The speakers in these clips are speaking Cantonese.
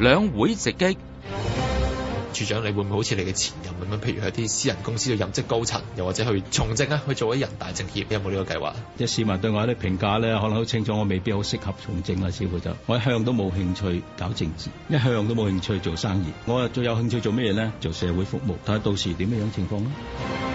兩會直擊，處長你會唔會好似你嘅前任咁樣？譬如喺啲私人公司度任職高層，又或者去從政啊？去做一人大政協有冇呢個計劃？即市民對我一啲評價咧，可能好清楚，我未必好適合從政啊。師傅就我一向都冇興趣搞政治，一向都冇興趣做生意。我最有興趣做咩嘢咧？做社會服務。睇下到時點樣情況啦。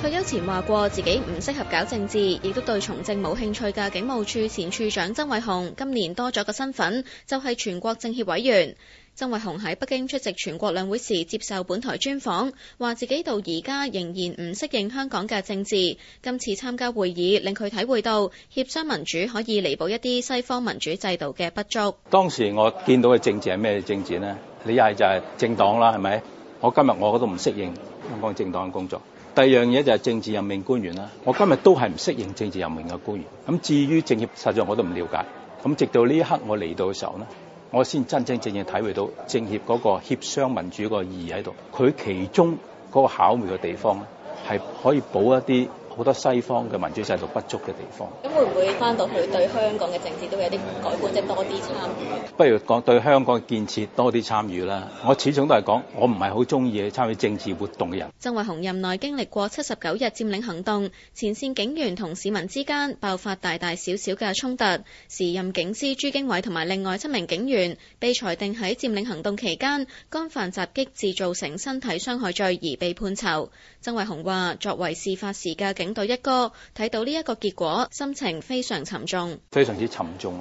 退休前話過自己唔適合搞政治，亦都對從政冇興趣嘅警務處前處長曾偉雄今年多咗個身份，就係全國政協委員。曾偉雄喺北京出席全國兩會時接受本台專訪，話自己到而家仍然唔適應香港嘅政治。今次參加會議令佢體會到協商民主可以彌補一啲西方民主制度嘅不足。當時我見到嘅政治係咩政治呢？你一係就係政黨啦，係咪？我今日我嗰度唔適應香港政黨嘅工作。第二樣嘢就係政治任命官員啦，我今日都係唔適應政治任命嘅官員，咁至於政協，實在我都唔了解。咁直到呢一刻我嚟到嘅時候咧，我先真真正正體會到政協嗰個協商民主個意義喺度。佢其中嗰個巧妙嘅地方咧，係可以補一啲。好多西方嘅民主制度不足嘅地方。咁會唔會翻到去對香港嘅政治都有啲改觀，即係多啲參與？不如講對香港嘅建設多啲參與啦。我始終都係講，我唔係好中意去參與政治活動嘅人。曾偉雄任內經歷過七十九日佔領行動，前線警員同市民之間爆發大大小小嘅衝突。時任警司朱經緯同埋另外七名警員被裁定喺佔領行動期間幹犯襲擊，致造成身體傷害罪而被判囚。曾偉雄話：作為事發時嘅警隊一哥睇到呢一個結果，心情非常沉重，非常之沉重。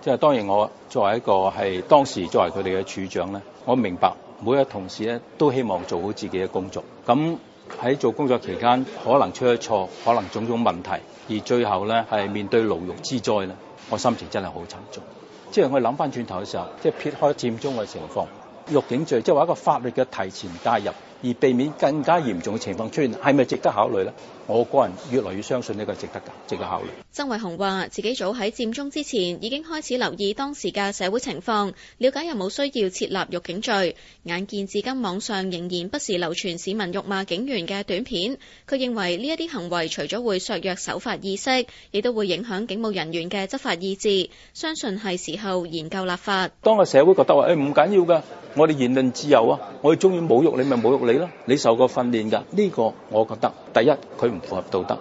即係當然，我作為一個係當時作為佢哋嘅處長咧，我明白每一個同事咧都希望做好自己嘅工作。咁喺做工作期間，可能出咗錯，可能種種問題，而最後咧係面對牢獄之災咧，我心情真係好沉重。即係我諗翻轉頭嘅時候，即係撇開佔中嘅情況，辱警罪即係話一個法律嘅提前介入。而避免更加嚴重嘅情況出現，係咪值得考慮咧？我個人越嚟越相信呢個係值得嘅，值得考慮。曾偉雄話：自己早喺佔中之前已經開始留意當時嘅社會情況，瞭解有冇需要設立辱警罪。眼見至今網上仍然不時流傳市民辱罵警員嘅短片，佢認為呢一啲行為除咗會削弱守法意識，亦都會影響警務人員嘅執法意志。相信係時候研究立法。當個社會覺得話：誒，唔緊要㗎，我哋言論自由啊，我哋中意侮辱你咪侮辱你。你受過訓練㗎？呢個我覺得第一，佢唔符合道德，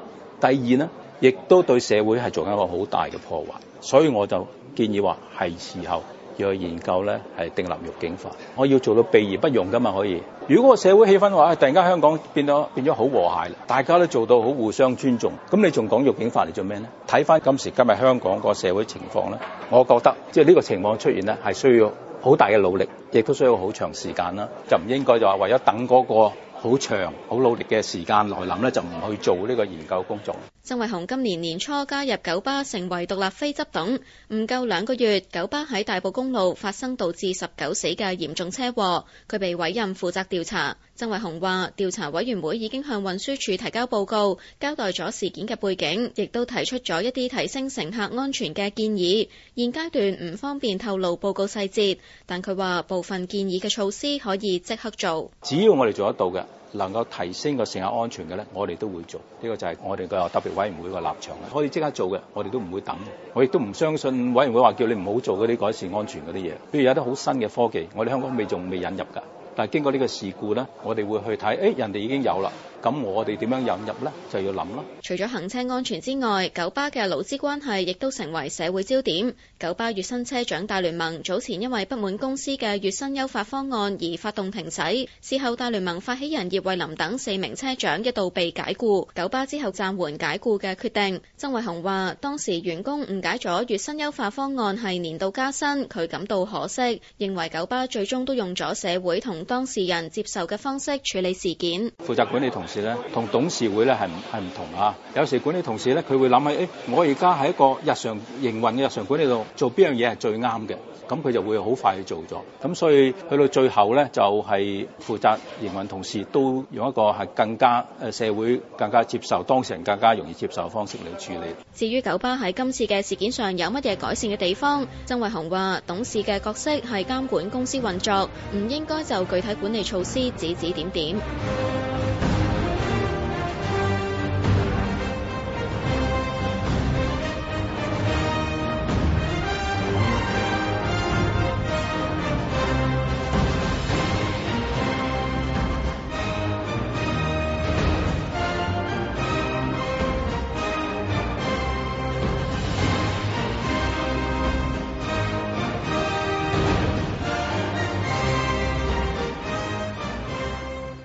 第二呢，亦都對社會係做一個好大嘅破壞，所以我就建議話係時候要去研究呢，係訂立辱警法。我要做到備而不用㗎嘛，可以。如果個社會氣氛嘅話，突然間香港變咗變咗好和諧，大家都做到好互相尊重，咁你仲講辱警法嚟做咩呢？睇返今時今日香港個社會情況呢，我覺得即係呢個情況出現呢，係需要。好大嘅努力，亦都需要好長時間啦，就唔應該就話為咗等嗰、嗰個。好長、好努力嘅時間來諗呢，就唔去做呢個研究工作。曾偉雄今年年初加入九巴，成為獨立非執董。唔夠兩個月，九巴喺大埔公路發生導致十九死嘅嚴重車禍，佢被委任負責調查。曾偉雄話：調查委員會已經向運輸署提交報告，交代咗事件嘅背景，亦都提出咗一啲提升乘客安全嘅建議。現階段唔方便透露報告細節，但佢話部分建議嘅措施可以即刻做。只要我哋做得到嘅。能夠提升個乘客安全嘅咧，我哋都會做。呢、呢個就。就係我哋個特別委員會個立場，可以即刻做嘅，我哋都唔會等。我亦都唔相信委員會話叫你唔好做嗰啲改善安全嗰啲嘢。譬如有啲好新嘅科技，我哋香港未仲未引入㗎。但經過呢個事故呢，我哋會去睇，誒、哎、人哋已經有啦，咁我哋點樣引入呢？就要諗啦。除咗行車安全之外，九巴嘅勞資關係亦都成為社會焦點。九巴月薪車長大聯盟早前因為不滿公司嘅月薪優化方案而發動停駛，事後大聯盟發起人葉慧林等四名車長一度被解雇，九巴之後暫緩解雇嘅決定。曾偉雄話：當時員工誤解咗月薪優化方案係年度加薪，佢感到可惜，認為九巴最終都用咗社會同當事人接受嘅方式處理事件。負責管理同事呢同董事會呢係唔係唔同啊？有時管理同事呢，佢會諗起誒，我而家喺一個日常營運嘅日常管理度做邊樣嘢係最啱嘅，咁佢就會好快去做咗。咁所以去到最後呢，就係、是、負責營運同事都用一個係更加誒社會更加接受、當事人更加容易接受嘅方式嚟處理。至於九巴喺今次嘅事件上有乜嘢改善嘅地方？曾偉雄話：董事嘅角色係監管公司運作，唔應該就。具體管理措施指指點點。